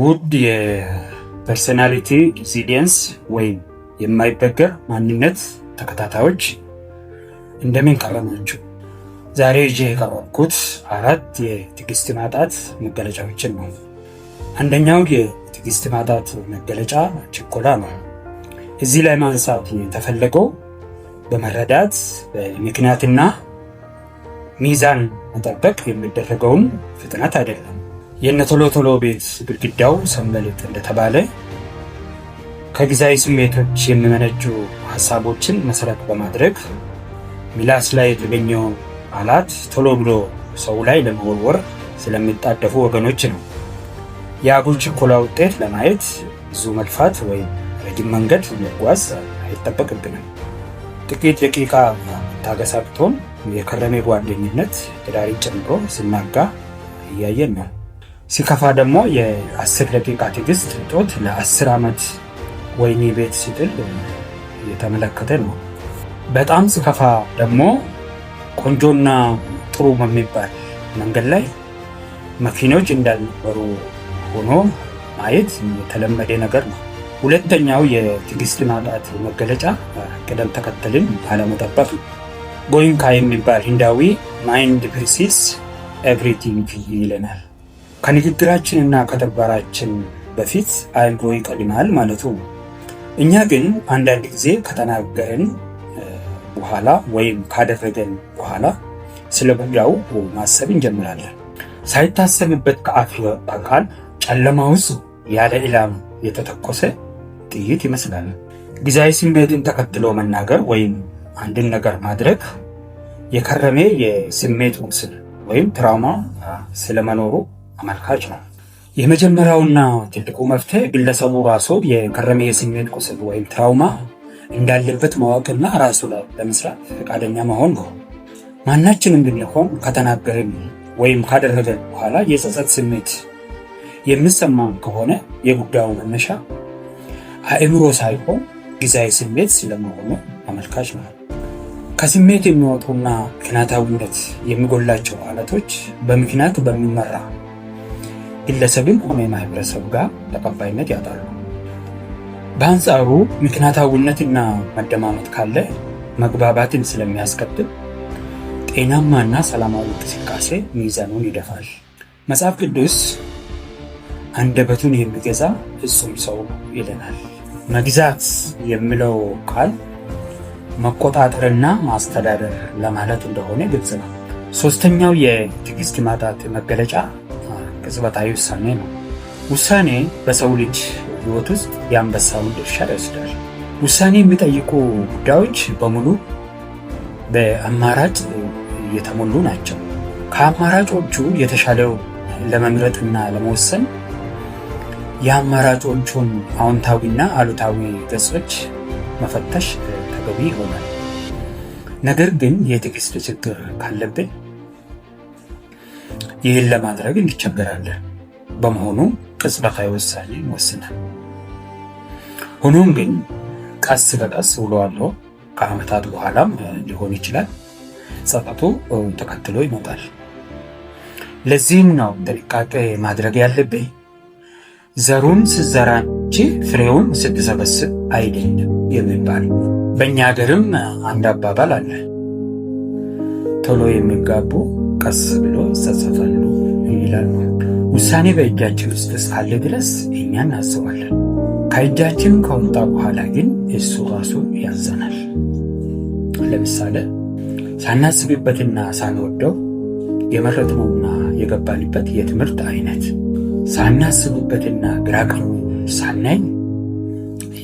ውድ የፐርሰናሊቲ ሪዚሊየንስ ወይም የማይበገር ማንነት ተከታታዮች እንደምን ከረማችሁ? ዛሬ እጅ የቀረብኩት አራት የትዕግስት ማጣት መገለጫዎችን ነው። አንደኛው የትዕግስት ማጣት መገለጫ ችኮላ ነው። እዚህ ላይ ማንሳት የተፈለገው በመረዳት በምክንያትና ሚዛን መጠበቅ የሚደረገውን ፍጥነት አይደለም። የእነ ቶሎ ቶሎ ቤት ግድግዳው ሰንበሌጥ እንደተባለ ከጊዜያዊ ስሜቶች የሚመነጩ ሀሳቦችን መሰረት በማድረግ ሚላስ ላይ የተገኘው አላት ቶሎ ብሎ ሰው ላይ ለመወርወር ስለሚጣደፉ ወገኖች ነው። የአጉል ችኮላ ውጤት ለማየት ብዙ መልፋት ወይም ረጅም መንገድ መጓዝ አይጠበቅብንም። ጥቂት ደቂቃ መታገስ አቅቶን የከረሜ ጓደኝነት ትዳርን ጨምሮ ስናጋ እያየን ነው። ሲከፋ ደግሞ የአስር ደቂቃ ትዕግስት እጦት ለአስር ዓመት ወህኒ ቤት ሲጥል እየተመለከተ ነው። በጣም ሲከፋ ደግሞ ቆንጆና ጥሩ በሚባል መንገድ ላይ መኪኖች እንዳልነበሩ ሆኖ ማየት የተለመደ ነገር ነው። ሁለተኛው የትዕግስት ማጣት መገለጫ ቅደም ተከተልን ባለመጠበቅ ነው። ጎይንካ የሚባል ህንዳዊ ማይንድ ፕሪሲስ ኤቭሪቲንግ ይለናል። ከንግግራችንና ከተግባራችን በፊት አእምሮ ይቀድማል ማለቱ። እኛ ግን አንዳንድ ጊዜ ከተናገርን በኋላ ወይም ካደረገን በኋላ ስለ ጉዳዩ ማሰብ እንጀምራለን። ሳይታሰብበት ከአፍ የወጣ ቃል ጨለማ ውስጥ ያለ ኢላም የተተኮሰ ጥይት ይመስላል። ጊዜያዊ ስሜትን ተከትሎ መናገር ወይም አንድን ነገር ማድረግ የከረሜ የስሜት ቁስል ወይም ትራውማ ስለመኖሩ አመልካች ነው። የመጀመሪያውና ትልቁ መፍትሄ ግለሰቡ ራሱ የከረመ የስሜት ቁስል ወይም ትራውማ እንዳለበት ማወቅና ራሱ ላይ ለመስራት ፈቃደኛ መሆን ነው። ማናችንም ብንሆን ከተናገርን ወይም ካደረገን በኋላ የጸጸት ስሜት የሚሰማን ከሆነ የጉዳዩ መነሻ አእምሮ ሳይሆን ጊዜያዊ ስሜት ስለመሆኑ አመልካች ነው። ከስሜት የሚወጡና ምክንያታዊነት የሚጎላቸው አለቶች በምክንያት በሚመራ ግለሰብም ሆነ የማህበረሰብ ጋር ተቀባይነት ያጣሉ። በአንጻሩ ምክንያታዊነትና መደማመጥ ካለ መግባባትን ስለሚያስከትል ጤናማና ሰላማዊ እንቅስቃሴ ሚዛኑን ይደፋል። መጽሐፍ ቅዱስ አንደበቱን የሚገዛ ፍጹም ሰው ይለናል። መግዛት የሚለው ቃል መቆጣጠርና ማስተዳደር ለማለት እንደሆነ ግልጽ ነው። ሶስተኛው የትዕግስት ማጣት መገለጫ ቅጽበታዊ ውሳኔ ነው። ውሳኔ በሰው ልጅ ህይወት ውስጥ የአንበሳውን ድርሻ ይወስዳል። ውሳኔ የሚጠይቁ ጉዳዮች በሙሉ በአማራጭ የተሞሉ ናቸው። ከአማራጮቹ የተሻለው ለመምረጥና ለመወሰን የአማራጮቹን አዎንታዊና አሉታዊ ገጾች መፈተሽ ተገቢ ይሆናል። ነገር ግን የትዕግስት ችግር ካለብን ይህን ለማድረግ እንቸገራለን። በመሆኑ ቅጽበታዊ ውሳኔ እንወስናል። ሆኖም ግን ቀስ በቀስ ውለዋለሁ ከዓመታት በኋላም ሊሆን ይችላል ጸጥታቱ ተከትሎ ይመጣል። ለዚህም ነው ጥንቃቄ ማድረግ ያለብኝ። ዘሩን ስዘራ እንጂ ፍሬውን ስትሰበስብ አይደለም የሚባል በእኛ ሀገርም አንድ አባባል አለ። ቶሎ የሚጋቡ ቀስ ብሎ ይጸጸፋሉ ይላሉ። ውሳኔ በእጃችን ውስጥ እስካለ ድረስ እኛ እናስባለን። ከእጃችን ከወጣ በኋላ ግን እሱ ራሱ ያዘናል። ለምሳሌ ሳናስብበትና ሳንወደው የመረጥነውና የገባንበት የትምህርት አይነት ሳናስብበትና ግራ ሳናኝ ሳናይ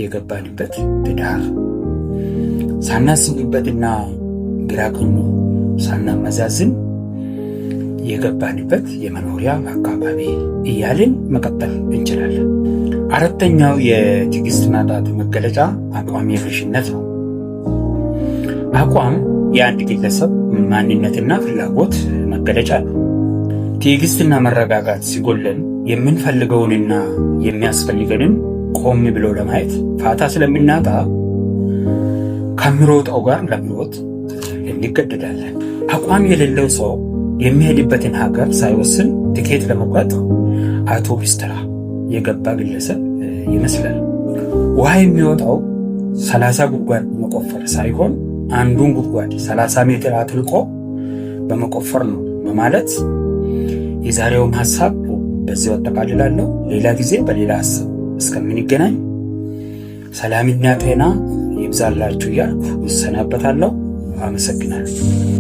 የገባንበት ትዳር ሳናስብበትና ግራ ሳናመዛዝን የገባንበት የመኖሪያ አካባቢ እያልን መቀጠል እንችላለን። አራተኛው የትዕግስት ማጣት መገለጫ አቋም የለሽነት ነው። አቋም የአንድ ግለሰብ ማንነትና ፍላጎት መገለጫ ነው። ትዕግስትና መረጋጋት ሲጎለን የምንፈልገውንና የሚያስፈልገንን ቆም ብሎ ለማየት ፋታ ስለምናጣ ከምሮጠው ጋር ለመሮጥ እንገደዳለን። አቋም የሌለው ሰው የሚሄድበትን ሀገር ሳይወስን ትኬት ለመቁረጥ አውቶቡስ ተራ የገባ ግለሰብ ይመስላል። ውሃ የሚወጣው ሰላሳ ጉድጓድ በመቆፈር ሳይሆን አንዱን ጉድጓድ ሰላሳ ሜትር አትልቆ በመቆፈር ነው በማለት የዛሬውም ሀሳብ በዚህ አጠቃልላለሁ። ሌላ ጊዜ በሌላ ሀሳብ እስከምንገናኝ ሰላምና ጤና ይብዛላችሁ እያልኩ እሰናበታለሁ። አመሰግናለሁ።